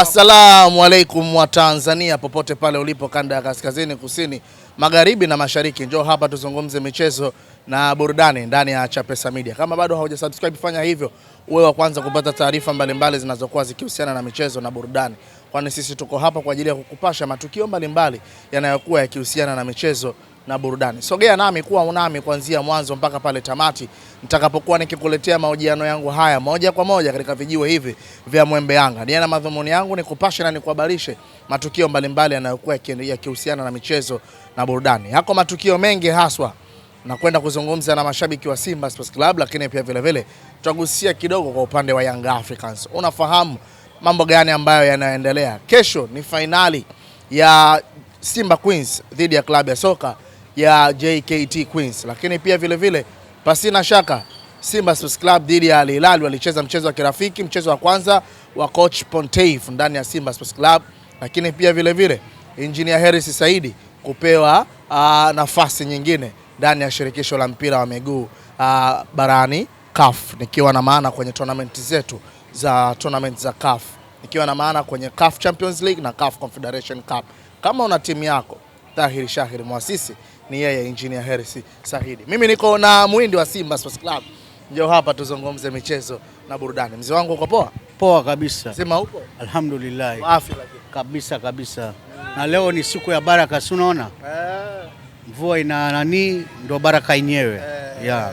Assalamu alaikum wa Tanzania, popote pale ulipo, kanda ya kaskazini, kusini, magharibi na mashariki, njoo hapa tuzungumze michezo na burudani ndani ya Chapesa Media. Kama bado haujasubscribe, fanya hivyo uwe wa kwanza kupata taarifa mbalimbali zinazokuwa zikihusiana na michezo na burudani, kwani sisi tuko hapa kwa ajili ya kukupasha matukio mbalimbali yanayokuwa yakihusiana na michezo na burudani. Sogea nami kuwa unami kuanzia mwanzo mpaka pale tamati nitakapokuwa nikikuletea mahojiano yangu haya moja kwa moja katika vijiwe hivi vya Mwembe Yanga. Niana madhumuni yangu ni kupasha na nikuhabarishe matukio mbalimbali yanayokuwa yakihusiana na michezo na burudani. Yako matukio mengi haswa na kwenda kuzungumza na mashabiki wa Simba Sports Club, lakini pia vile vile tutagusia kidogo kwa upande wa Young Africans. Unafahamu mambo gani ambayo yanaendelea? Kesho ni fainali ya Simba Queens dhidi ya klabu ya soka ya JKT Queens, lakini pia vile vile, pasina shaka Simba Sports Club dhidi ya Al Hilal walicheza mchezo wa kirafiki, mchezo wa kwanza wa coach Ponteif ndani ya Simba Sports Club, lakini pia vile vile Engineer Harris Saidi kupewa uh, nafasi nyingine ndani ya shirikisho la mpira wa miguu uh, barani CAF, nikiwa na maana kwenye tournament zetu za tournament za CAF, nikiwa na maana kwenye CAF Champions League na CAF Confederation Cup. Kama una timu yako, Tahir Shahir Mwasisi ni yeye Engineer Hersi Sahidi. Mimi niko na mwindi wa Simba Sports Club, njoo hapa tuzungumze michezo na burudani. Mzee wangu uko poa? Poa kabisa. Sema upo? Alhamdulillah. Afya kabisa kabisa. Na leo ni siku ya baraka, si unaona? Eh. Mvua ina nani, ndio baraka yenyewe. Eh. Yeah.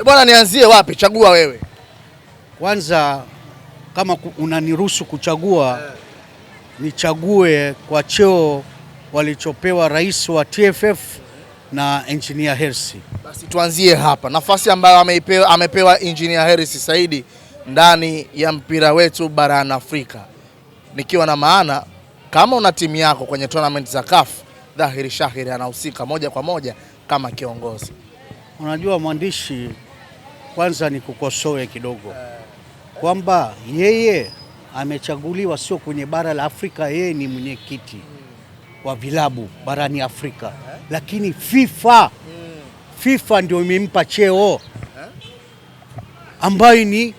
E bwana, nianzie wapi? Chagua wewe kwanza, kama unaniruhusu kuchagua eh. Nichague kwa cheo walichopewa rais wa TFF na engineer Hersi. Basi tuanzie hapa, nafasi ambayo amepewa, amepewa engineer Hersi Saidi ndani ya mpira wetu barani Afrika, nikiwa na maana kama una timu yako kwenye tournament za CAF, dhahiri shahiri anahusika moja kwa moja kama kiongozi. Unajua mwandishi, kwanza ni kukosoe kidogo kwamba yeye amechaguliwa sio kwenye bara la Afrika, yeye ni mwenyekiti wa vilabu barani Afrika lakini FIFA mm. FIFA ndio imempa cheo ambayo ni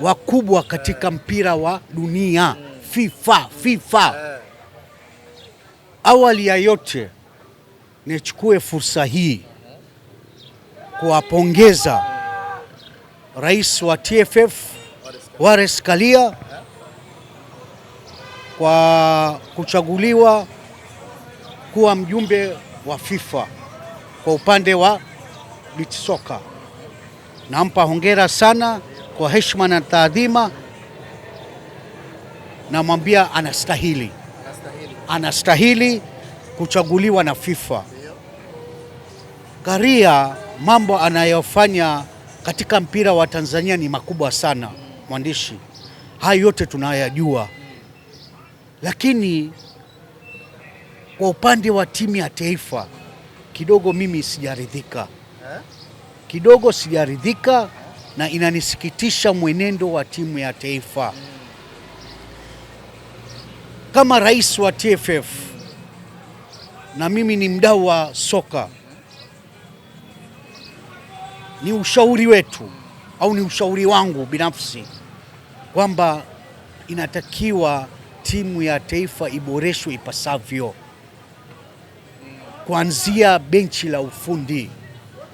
wakubwa katika mpira wa dunia FIFA, FIFA. Awali ya yote nichukue fursa hii kuwapongeza rais wa TFF Wallace Karia kwa kuchaguliwa kuwa mjumbe wa FIFA kwa upande wa beach soka. Nampa hongera sana kwa heshima na taadhima, namwambia anastahili, anastahili kuchaguliwa na FIFA. Karia mambo anayofanya katika mpira wa Tanzania ni makubwa sana, mwandishi. Hayo yote tunayajua. Lakini kwa upande wa timu ya taifa kidogo mimi sijaridhika, eh? kidogo sijaridhika, na inanisikitisha mwenendo wa timu ya taifa. Kama rais wa TFF na mimi ni mdau wa soka, ni ushauri wetu au ni ushauri wangu binafsi kwamba inatakiwa timu ya taifa iboreshwe ipasavyo, kuanzia benchi la ufundi.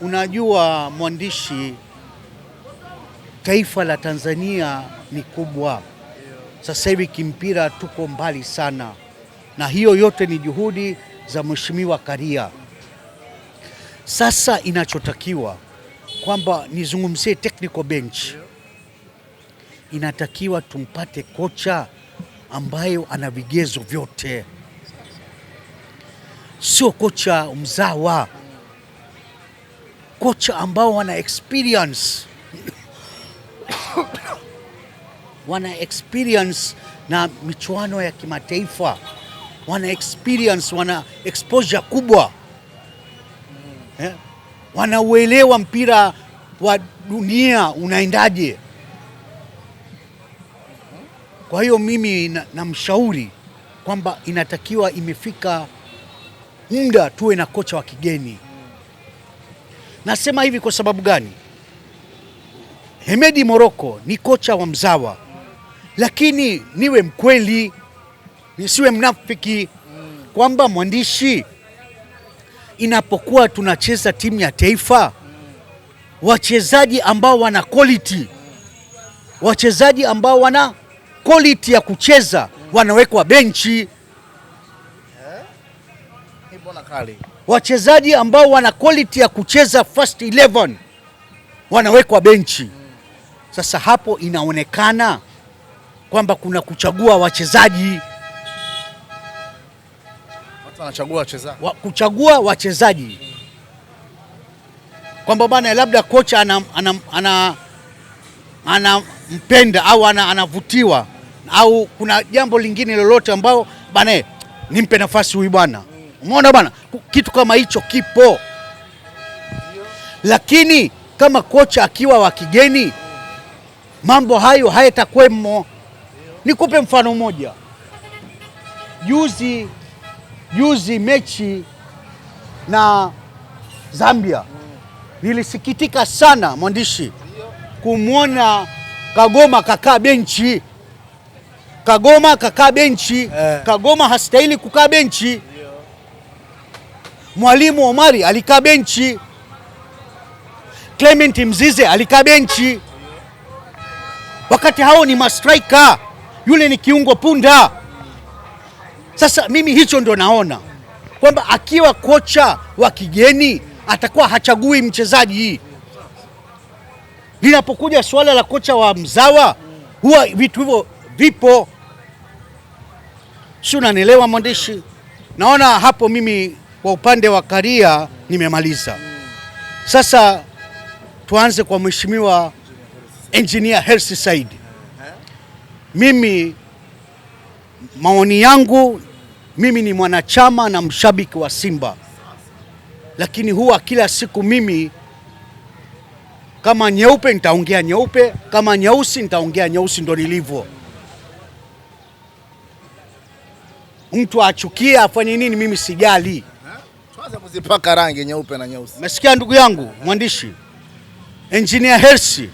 Unajua mwandishi, taifa la Tanzania ni kubwa. Sasa hivi kimpira tuko mbali sana, na hiyo yote ni juhudi za Mheshimiwa Karia. Sasa inachotakiwa kwamba nizungumzie technical bench, inatakiwa tumpate kocha ambayo ana vigezo vyote, sio kocha mzawa, kocha ambao wana experience wana experience na michuano ya kimataifa, wana experience, wana exposure kubwa eh? Wanauelewa mpira wa dunia unaendaje. Kwa hiyo mimi namshauri na kwamba inatakiwa imefika muda tuwe na kocha wa kigeni. Nasema hivi kwa sababu gani? Hemedi Moroko ni kocha wa mzawa, lakini niwe mkweli, nisiwe mnafiki kwamba mwandishi, inapokuwa tunacheza timu ya taifa, wachezaji ambao wana quality, wachezaji ambao wana quality ya kucheza wanawekwa benchi wachezaji ambao wana quality ya kucheza first 11 wanawekwa benchi. Sasa hapo inaonekana kwamba kuna kuchagua wachezaji, watu wanachagua wachezaji, wa, kuchagua wachezaji kwamba bana, labda kocha anampenda ana, ana, ana, ana au anavutiwa ana au kuna jambo lingine lolote ambao bana nimpe nafasi huyu bwana. Umeona bwana, kitu kama hicho kipo, lakini kama kocha akiwa wa kigeni mambo hayo hayatakwemo. Nikupe mfano mmoja, juzi juzi mechi na Zambia nilisikitika sana mwandishi kumwona Kagoma kakaa benchi Kagoma kakaa benchi eh. Kagoma hastahili kukaa benchi yeah. Mwalimu Omari alikaa benchi, Clement Mzize alikaa benchi yeah. Wakati hao ni mastrika, yule ni kiungo punda. Sasa mimi hicho ndo naona kwamba akiwa kocha wa kigeni atakuwa hachagui mchezaji. Linapokuja suala la kocha wa mzawa, huwa vitu hivyo vipo si unanielewa mwandishi? Naona hapo mimi kwa upande wa Karia nimemaliza. Sasa tuanze kwa mheshimiwa Engineer Hersi Said. Mimi maoni yangu, mimi ni mwanachama na mshabiki wa Simba, lakini huwa kila siku mimi kama nyeupe nitaongea nyeupe, kama nyeusi nitaongea nyeusi, ndo nilivyo. mtu achukie afanye nini, mimi sijali. Tuanze kuzipaka rangi nyeupe na nyeusi. Umesikia ndugu yangu mwandishi Engineer Hersi,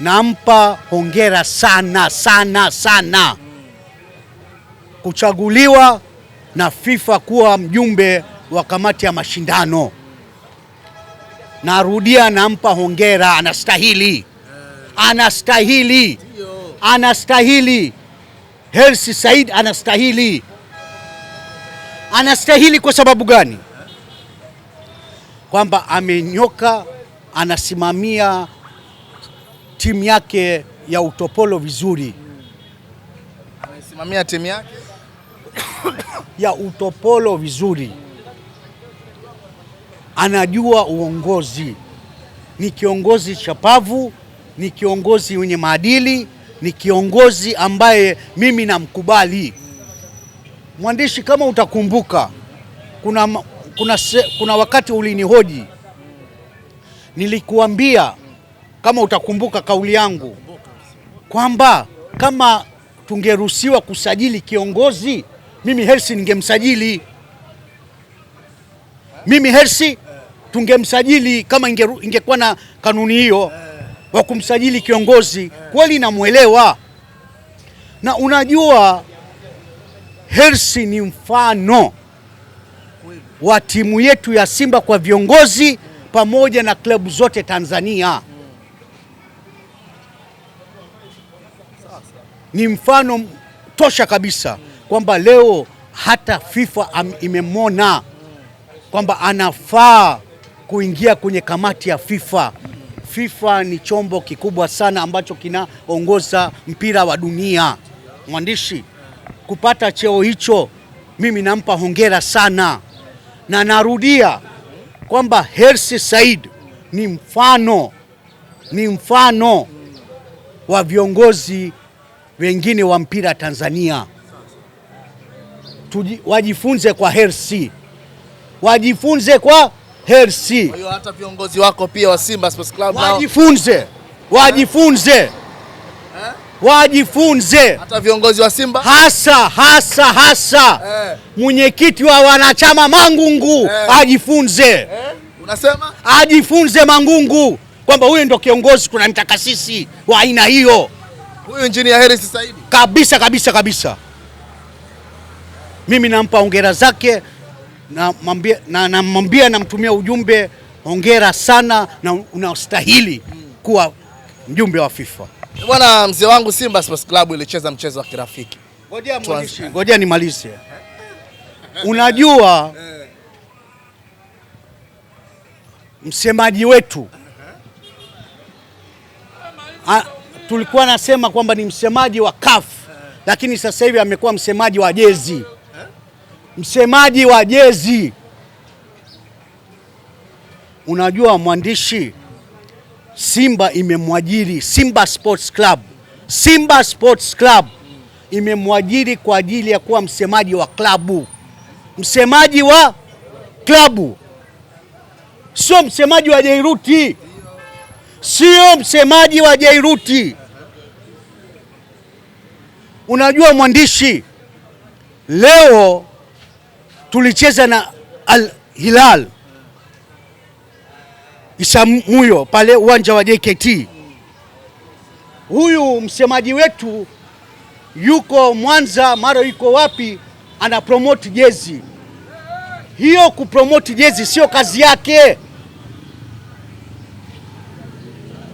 nampa hongera sana sana sana kuchaguliwa na FIFA kuwa mjumbe wa kamati ya mashindano. Narudia, nampa hongera, anastahili, eh. anastahili, anastahili. Hersi Said anastahili, anastahili kwa sababu gani? Kwamba amenyoka, anasimamia timu yake ya utopolo vizuri, anasimamia timu yake ya utopolo vizuri, anajua uongozi, ni kiongozi chapavu, ni kiongozi wenye maadili ni kiongozi ambaye mimi namkubali. Mwandishi, kama utakumbuka, kuna, kuna, kuna wakati ulinihoji, nilikuambia kama utakumbuka kauli yangu kwamba kama tungeruhusiwa kusajili kiongozi, mimi Hersi ningemsajili mimi Hersi tungemsajili kama ingekuwa inge na kanuni hiyo wa kumsajili kiongozi kweli namwelewa, na unajua Hersi ni mfano wa timu yetu ya Simba kwa viongozi pamoja na klabu zote Tanzania. Ni mfano tosha kabisa kwamba leo hata FIFA imemwona kwamba anafaa kuingia kwenye kamati ya FIFA. FIFA ni chombo kikubwa sana ambacho kinaongoza mpira wa dunia. Mwandishi kupata cheo hicho, mimi nampa hongera sana, na narudia kwamba Hersi Said ni mfano, ni mfano wa viongozi wengine wa mpira Tanzania. Tuji, wajifunze kwa Hersi, wajifunze kwa HLC. Kwa hiyo hata viongozi wako pia wa Simba Sports Club wajifunze, wajifunze eh? wajifunze hata viongozi wa Simba hasa hasa hasa eh, mwenyekiti wa wanachama Mangungu eh, ajifunze eh, unasema ajifunze Mangungu kwamba huyu ndo kiongozi, kuna mtakasisi wa aina hiyo. Huyu Injinia Hersi Said kabisa kabisa kabisa, mimi nampa ongera zake namwambia na, namwambia namtumia ujumbe hongera sana na unastahili kuwa mjumbe wa FIFA. Bwana mzee wangu, Simba Sports Club ilicheza mchezo wa kirafiki. Ngoja ngoja nimalize. Unajua msemaji wetu ha, tulikuwa nasema kwamba ni msemaji wa CAF lakini sasa hivi amekuwa msemaji wa jezi msemaji wa jezi. Unajua mwandishi, Simba imemwajiri Simba Sports Club, Simba Sports Club imemwajiri kwa ajili ya kuwa msemaji wa klabu, msemaji wa klabu, sio msemaji wa Jairuti, sio msemaji wa Jairuti. Unajua mwandishi, leo tulicheza na Al Hilal Isamuyo pale uwanja wa JKT. Huyu msemaji wetu yuko Mwanza, mara yuko wapi, ana promote jezi hiyo. Kupromote jezi sio kazi yake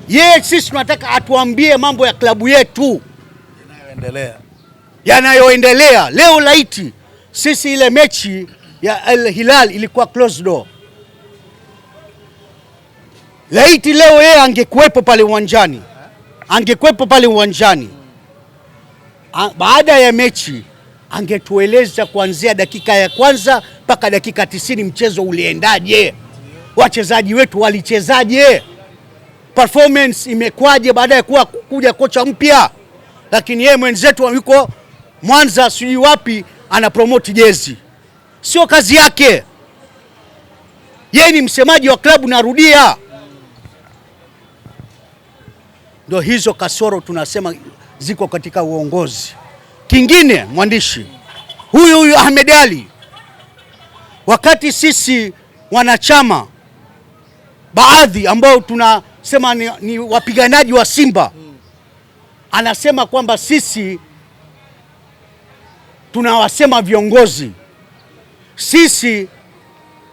yeye. Sisi tunataka atuambie mambo ya klabu yetu yanayoendelea, yanayoendelea leo laiti sisi ile mechi ya Al Hilal ilikuwa closed door. Laiti leo yeye angekuwepo pale uwanjani, angekuwepo pale uwanjani baada ya mechi, angetueleza kuanzia dakika ya kwanza mpaka dakika tisini mchezo uliendaje, wachezaji wetu walichezaje, performance imekwaje baada ya kuwa kuja kocha mpya. Lakini yeye mwenzetu yuko Mwanza, sijui wapi ana promote jezi, sio kazi yake. Yeye ni msemaji wa klabu, narudia. Ndio hizo kasoro tunasema ziko katika uongozi. Kingine mwandishi huyu huyu Ahmed ali wakati sisi wanachama baadhi ambao tunasema ni, ni wapiganaji wa Simba, anasema kwamba sisi tunawasema viongozi, sisi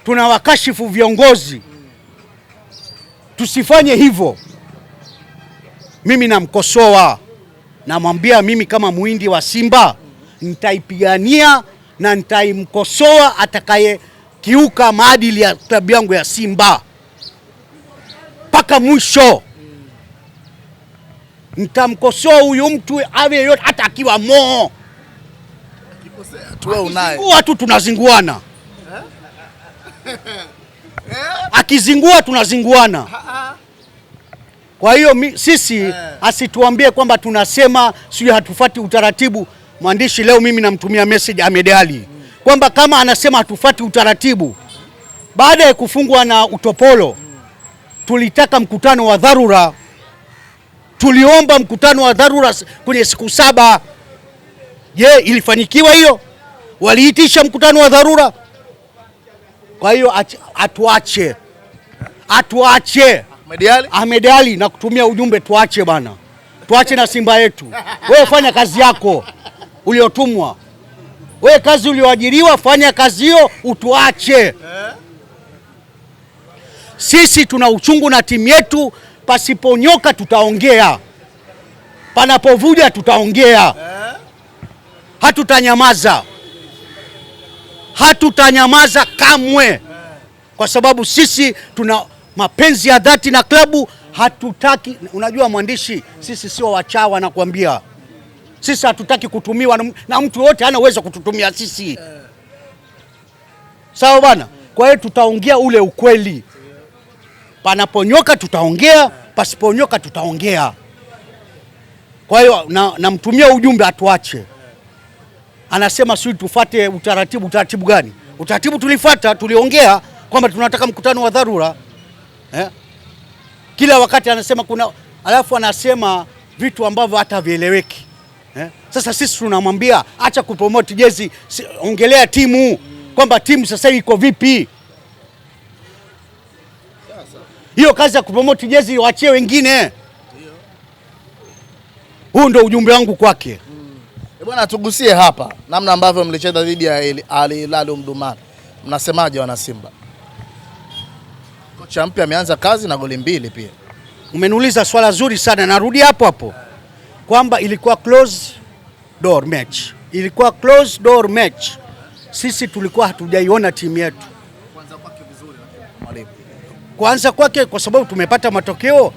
tunawakashifu viongozi, tusifanye hivyo. Mimi namkosoa, namwambia mimi kama mwindi wa Simba nitaipigania na nitaimkosoa atakayekiuka maadili ya klabu yangu ya Simba mpaka mwisho. Nitamkosoa huyu mtu awe yote, hata akiwa moo Akizingua tu tunazinguana eh? akizingua tunazinguana. Kwa hiyo sisi eh. asituambie kwamba tunasema sio, hatufati utaratibu. Mwandishi leo mimi namtumia message Ahmed Ali kwamba kama anasema hatufati utaratibu, baada ya kufungwa na utopolo tulitaka mkutano wa dharura, tuliomba mkutano wa dharura kwenye siku saba. Je, ilifanikiwa hiyo? Waliitisha mkutano wa dharura? Kwa hiyo atuache, atuache Ahmed ali na kutumia ujumbe, tuache bana, tuache na Simba yetu. Wewe fanya kazi yako uliotumwa, wewe kazi ulioajiriwa, fanya kazi hiyo, utuache sisi. Tuna uchungu na timu yetu. Pasiponyoka tutaongea, panapovuja tutaongea hatutanyamaza, hatutanyamaza kamwe, kwa sababu sisi tuna mapenzi ya dhati na klabu. Hatutaki, unajua mwandishi, sisi sio wachawa, nakwambia sisi hatutaki kutumiwa na mtu yoyote, hana uwezo kututumia sisi. Sawa bana. Kwa hiyo tutaongea ule ukweli, panaponyoka tutaongea, pasiponyoka tutaongea. Kwa hiyo namtumia na ujumbe atuache anasema sisi tufate utaratibu. Utaratibu gani? Utaratibu tulifata, tuliongea kwamba tunataka mkutano wa dharura eh? Kila wakati anasema kuna, alafu anasema vitu ambavyo hata vieleweki eh? Sasa sisi tunamwambia acha kupromote jezi, ongelea timu kwamba timu sasa iko vipi. Hiyo kazi ya kupromote jezi wachie wengine. Huu ndio ujumbe wangu kwake. Bwana, tugusie hapa namna ambavyo mlicheza dhidi ya Al Hilal Omdurman. Mnasemaje wana Simba? Kocha mpya ameanza kazi na goli mbili pia. Umeniuliza swala zuri sana, narudi hapo hapo kwamba ilikuwa close door match, ilikuwa close door match. Sisi tulikuwa hatujaiona timu yetu kwanza kwake, kwa sababu tumepata matokeo,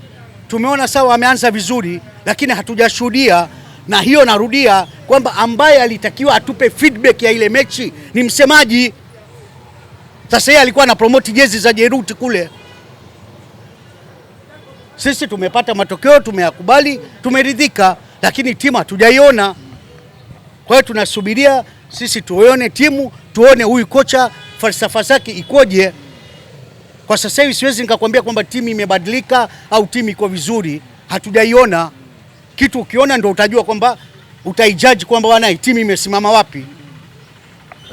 tumeona sawa, ameanza vizuri, lakini hatujashuhudia na hiyo narudia kwamba ambaye alitakiwa atupe feedback ya ile mechi ni msemaji. Sasa yeye alikuwa anapromoti jezi za Jeruti kule. Sisi tumepata matokeo, tumeyakubali, tumeridhika, lakini timu hatujaiona. Kwa hiyo tunasubiria sisi tuone timu, tuone huyu kocha falsafa zake ikoje. Kwa sasa hivi siwezi nikakwambia kwamba timu imebadilika au timu iko vizuri, hatujaiona kitu ukiona ndio utajua kwamba utaijaji kwamba wana timu imesimama wapi.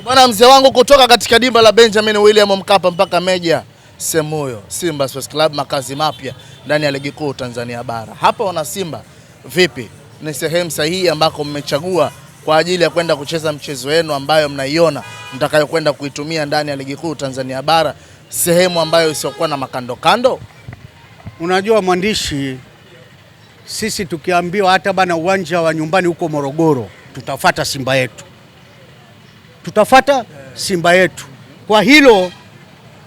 Bwana mzee wangu, kutoka katika dimba la Benjamin William Mkapa mpaka Meja Semuyo, Simba Sports Club, makazi mapya ndani ya ligi kuu Tanzania bara. Hapa wana Simba vipi, ni sehemu sahihi ambako mmechagua kwa ajili ya kwenda kucheza mchezo wenu ambayo mnaiona mtakayokwenda kuitumia ndani ya ligi kuu Tanzania bara, sehemu ambayo isiyokuwa na makando kando. Unajua mwandishi, sisi tukiambiwa hata bana uwanja wa nyumbani huko Morogoro, tutafata Simba yetu, tutafata Simba yetu. Kwa hilo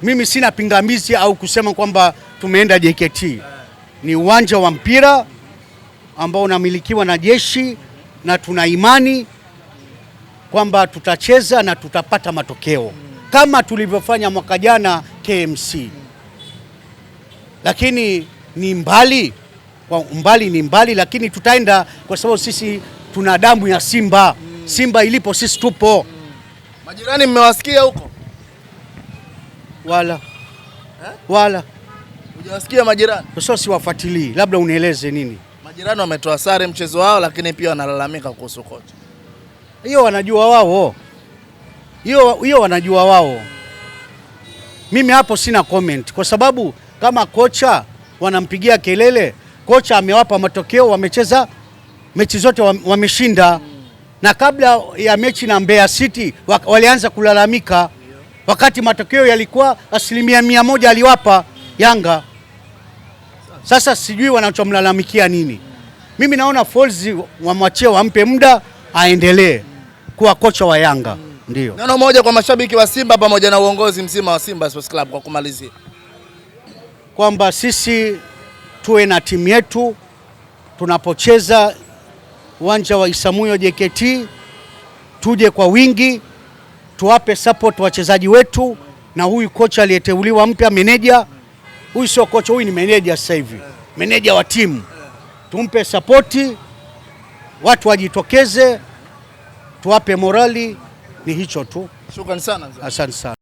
mimi sina pingamizi au kusema kwamba tumeenda JKT. Ni uwanja wa mpira ambao unamilikiwa na jeshi, na tuna imani kwamba tutacheza na tutapata matokeo kama tulivyofanya mwaka jana KMC, lakini ni mbali kwa umbali ni mbali, lakini tutaenda kwa sababu sisi tuna damu ya Simba. Simba ilipo sisi tupo. Majirani mmewasikia huko? Wala ha? Eh? wala hujawasikia majirani? Sio, siwafuatilii, labda unieleze nini. Majirani wametoa sare mchezo wao, lakini pia wanalalamika kuhusu kocha. Hiyo wanajua wao, hiyo hiyo wanajua wao. Mimi hapo sina comment, kwa sababu kama kocha wanampigia kelele kocha amewapa matokeo, wamecheza mechi zote wameshinda. Na kabla ya mechi na Mbeya City walianza kulalamika, wakati matokeo yalikuwa asilimia mia moja aliwapa Yanga. Sasa sijui wanachomlalamikia nini. Mimi naona Folz wamwachie, wampe muda aendelee kuwa kocha wa Yanga. Ndio neno moja kwa mashabiki wa Simba pamoja na uongozi mzima wa Simba Sports Club kwa kumalizia, kwamba sisi tuwe na timu yetu tunapocheza uwanja wa isamuyo JKT, tuje kwa wingi, tuwape support wachezaji wetu na huyu kocha aliyeteuliwa mpya, meneja huyu, sio kocha huyu, ni meneja sasa hivi, meneja wa timu, tumpe sapoti, watu wajitokeze, tuwape morali. Ni hicho tu, shukrani sana, asante sana.